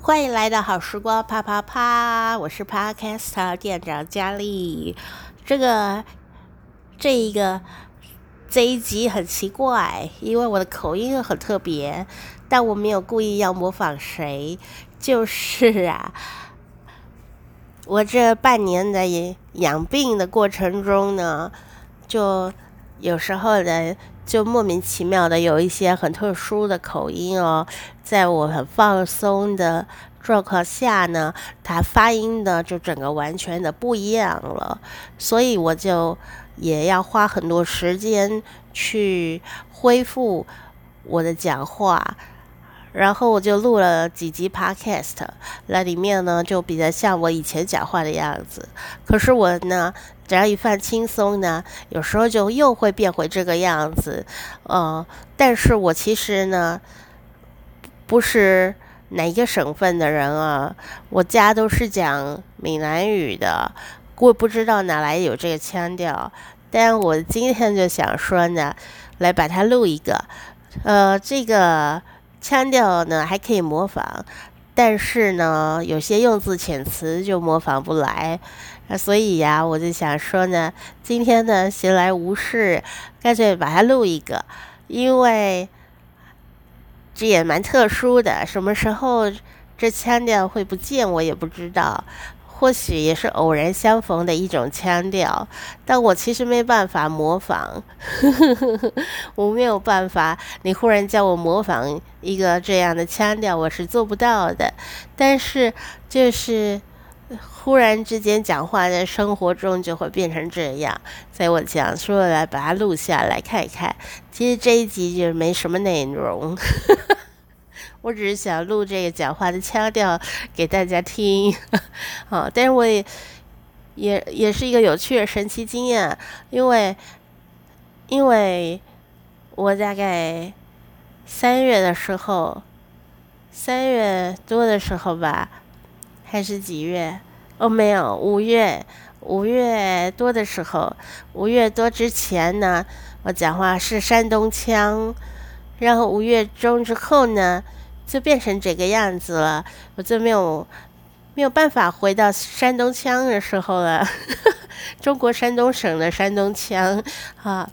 歡迎來到好時光，啪啪啪！我是 Podcaster 店長佳麗。這個，這一個，這一集很奇怪，因為我的口音很特別，但我沒有故意要模仿誰，就是啊。我這半年的養病的過程中呢，就。有時候呢，就莫名其妙的有一些很特殊的口音哦，在我很放鬆的狀況下呢，他發音的就整個完全的不一樣了，所以我就也要花很多時間去恢復我的講話。然後我就錄了幾集 podcast，那裡面呢就比較像我以前講話的樣子。可是我呢，只要一放輕鬆呢，有時候就又會變回這個樣子。嗯、呃，但是我其實呢，不是哪一個省份的人啊，我家都是講閩南語的，我不知道哪來有這個腔調。但我今天就想說呢，來把它錄一個。呃，這個。腔調呢還可以模仿，但是呢，有些用字遣詞就模仿不來，所以呀、啊，我就想說呢，今天呢閒來無事，乾脆把它錄一個，因為這也蠻特殊的，什麼時候這腔調會不見，我也不知道。或許也是偶然相逢的一種腔調，但我其實沒辦法模仿，呵呵呵，我沒有辦法。你忽然叫我模仿一個這樣的腔調，我是做不到的。但是就是忽然之間講話，在生活中就會變成這樣。所以我講出來，把它録下來看一看。其實這一集就沒什麼內容。呵呵我只是想錄這個講話的腔調給大家聽， 好，但是我也也也是一個有趣的神奇經驗，因為因為我大概三月的時候，三月多的時候吧，還是幾月？哦，沒有，五月五月多的時候，五月多之前呢，我講話是山東腔，然後五月中之後呢。就變成這個樣子了，我就沒有沒有辦法回到山東腔的時候了。呵呵，中國山東省的山東腔啊，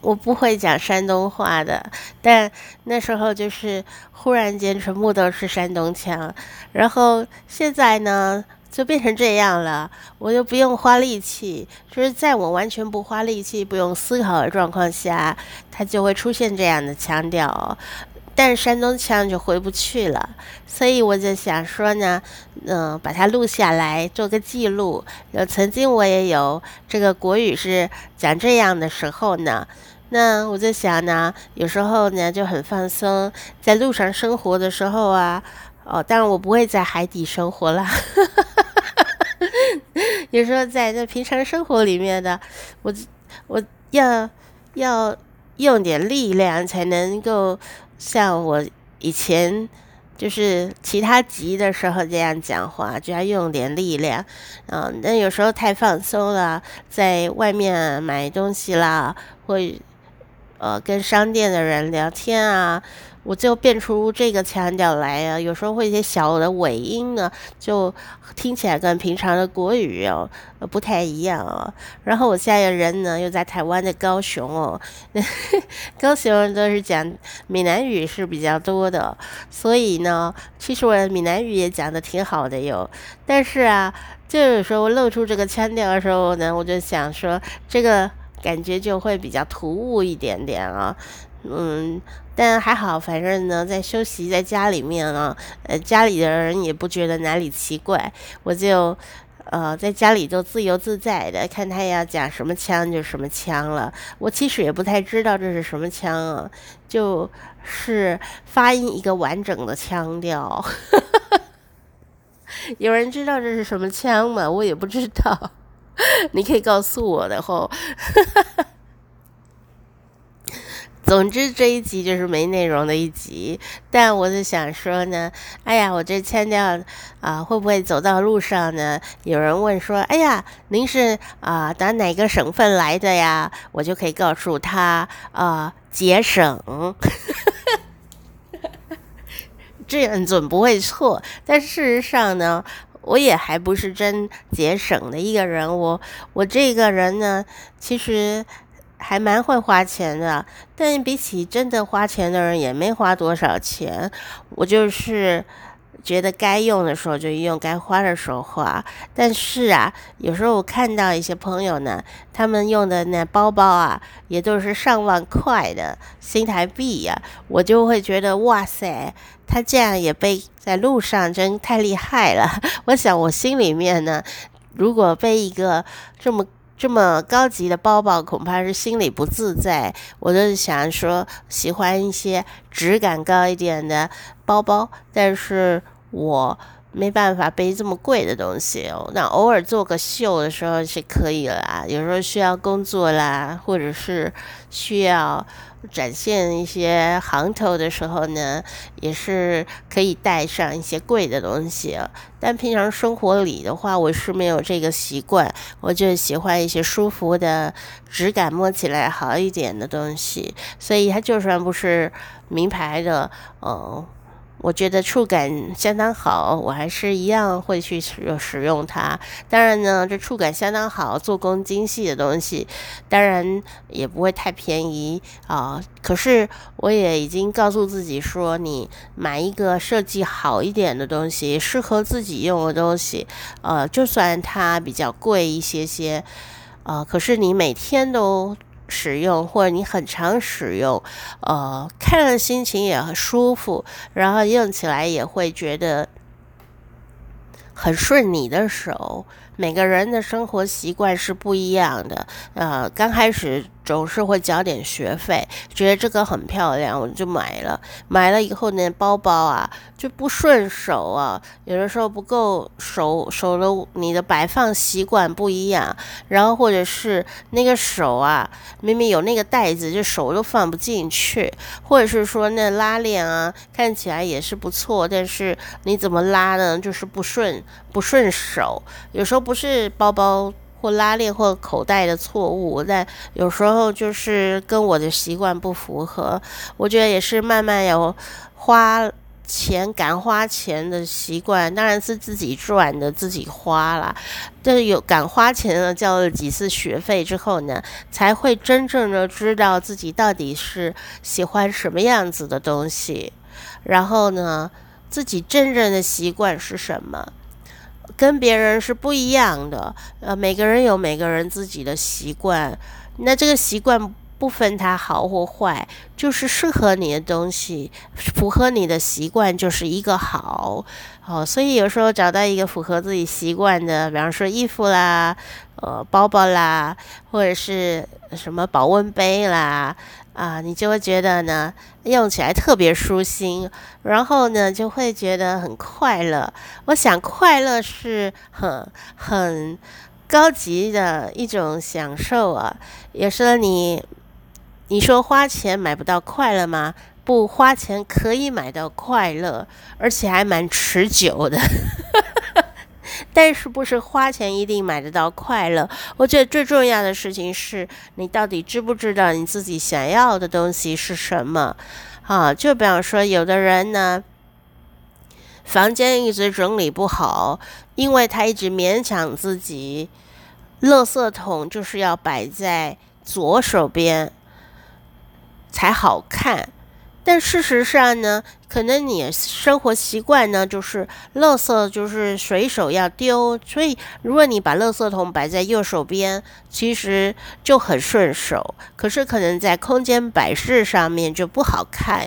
我不會講山東話的。但那時候就是忽然間全部都是山東腔，然後現在呢就變成這樣了，我就不用花力氣，就是在我完全不花力氣、不用思考的狀況下，它就會出現這樣的腔調。但是山東腔就回不去了，所以我就想說呢，嗯、呃，把它錄下來做個記錄。曾經我也有這個國語是講這樣的時候呢。那我就想呢，有時候呢就很放鬆，在路上生活的時候啊，哦，但是我不會在海底生活了。有時候在那平常生活裡面的，我我要要用點力量才能夠。像我以前就是其他集的時候這樣講話，就要用點力量，嗯，但有時候太放鬆了，在外面買東西啦，會。呃，跟商店的人聊天啊，我就變出這個腔調來啊。有時候會一些小的尾音呢，就聽起來跟平常的國語哦、呃、不太一樣啊、哦。然後我現在的人呢，又在台灣的高雄哦，嗯、高雄人都是講閩南語是比較多的，所以呢，其實我閩南語也講得挺好的喲。但是啊，就有時候我露出這個腔調的時候呢，我就想說這個。感覺就會比較突兀一點點啊，嗯，但還好，反正呢，在休息，在家裡面啊，呃，家裡的人也不覺得哪裡奇怪，我就，呃，在家裡就自由自在的，看他要講什麼腔就什麼腔了。我其實也不太知道這是什麼腔啊，就是發音一個完整的腔調。 有人知道這是什麼腔嗎？我也不知道。 你可以告訴我，然後， 總之這一集就是沒內容的一集。但我就想說呢，哎呀，我這腔調啊，會不會走到路上呢？有人問說，哎呀，您是啊、呃，打哪個省份來的呀？我就可以告訴他啊、呃，節省，哈哈哈哈哈，這樣總不會錯。但事實上呢？我也還不是真節省的一個人，我我這個人呢，其實還蠻會花錢的，但比起真的花錢的人，也沒花多少錢，我就是。覺得該用的時候就用，該花的時候花。但是啊，有時候我看到一些朋友呢，他們用的那包包啊，也都是上萬塊的新台幣呀，啊，我就會覺得哇塞，他這樣也背在路上，真太厲害了。我想，我心裡面呢，如果背一個這麼這麼高級的包包，恐怕是心裡不自在。我就是想說，喜歡一些質感高一點的包包，但是。我沒辦法背這麼貴的東西哦，那偶爾做個秀的時候是可以啦。有時候需要工作啦，或者是需要展現一些行頭的時候呢，也是可以帶上一些貴的東西。但平常生活裡的話，我是沒有這個習慣，我就喜歡一些舒服的、質感摸起來好一點的東西。所以它就算不是名牌的，哦、嗯。我覺得觸感相當好，我還是一樣會去使使用它。當然呢，這觸感相當好，做工精細的東西，當然也不會太便宜啊、呃。可是我也已經告訴自己說，你買一個設計好一點的東西，適合自己用的東西，呃，就算它比較貴一些些，呃，可是你每天都。使用或者你很常使用，呃，看了心情也很舒服，然後用起來也會覺得很順你的手。每個人的生活習慣是不一樣的，啊、呃，剛開始總是會交點學費，覺得這個很漂亮，我就買了。買了以後，那包包啊就不順手啊，有的時候不夠手手的，你的擺放習慣不一樣，然後或者是那個手啊，明明有那個袋子，就手都放不進去，或者是說那拉鏈啊，看起來也是不錯，但是你怎麼拉呢？就是不順不順手，有時候不。不是包包或拉鏈或口袋的錯誤，但有時候就是跟我的習慣不符合。我覺得也是慢慢有花錢、敢花錢的習慣，當然是自己賺的、自己花了。但有敢花錢了，交了幾次學費之後呢，才會真正的知道自己到底是喜歡什麼樣子的東西，然後呢，自己真正的習慣是什麼。跟別人是不一樣的，呃，每個人有每個人自己的習慣，那這個習慣不分他好或壞，就是適合你的東西，符合你的習慣就是一個好。哦，所以有時候找到一個符合自己習慣的，比方說衣服啦，呃，包包啦，或者是什麼保溫杯啦，啊、呃，你就會覺得呢，用起來特別舒心，然後呢，就會覺得很快樂。我想快樂是很很高級的一種享受啊。有時候你你說花錢買不到快樂嗎？不花錢可以買到快樂，而且還蠻持久的。 但是不是花錢一定買得到快樂？我覺得最重要的事情是你到底知不知道你自己想要的東西是什麼？啊，就比方說，有的人呢，房間一直整理不好，因為他一直勉強自己。垃圾桶就是要擺在左手邊才好看。但事實上呢？可能你生活習慣呢，就是垃圾就是隨手要丟，所以如果你把垃圾桶擺在右手邊，其實就很順手。可是可能在空間擺飾上面就不好看，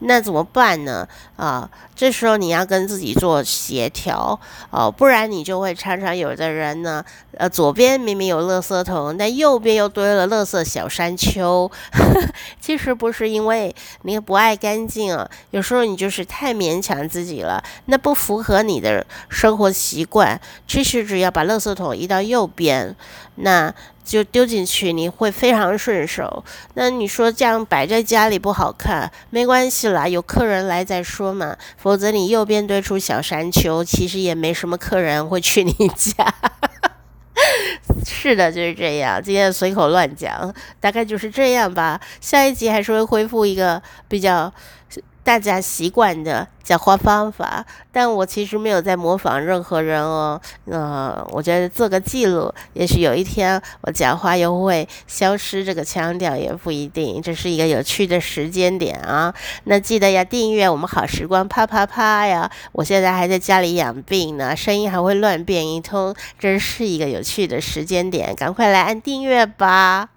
那怎麼辦呢？啊，這時候你要跟自己做協調哦，不然你就會常常有的人呢，呃，左邊明明有垃圾桶，但右邊又堆了垃圾小山丘。 其實不是因為你不愛乾淨啊，有時候。你就是太勉強自己了，那不符合你的生活習慣。其實只要把垃圾桶移到右邊，那就丟進去，你會非常順手。那你說這樣擺在家裡不好看，沒關係啦，有客人來再說嘛。否則你右邊堆出小山丘，其實也沒什麼客人會去你家。 是的，就是這樣。今天隨口亂講，大概就是這樣吧。下一集還是會恢復一個比較。大家習慣的講話方法，但我其實沒有在模仿任何人哦。那、呃、我覺得做個記錄，也許有一天我講話又會消失這個腔調也不一定，這是一個有趣的時間點啊。那記得要訂閱我們好時光啪啪啪呀！我現在還在家裡養病呢，聲音還會亂變一通，真是一個有趣的時間點，趕快來按訂閱吧。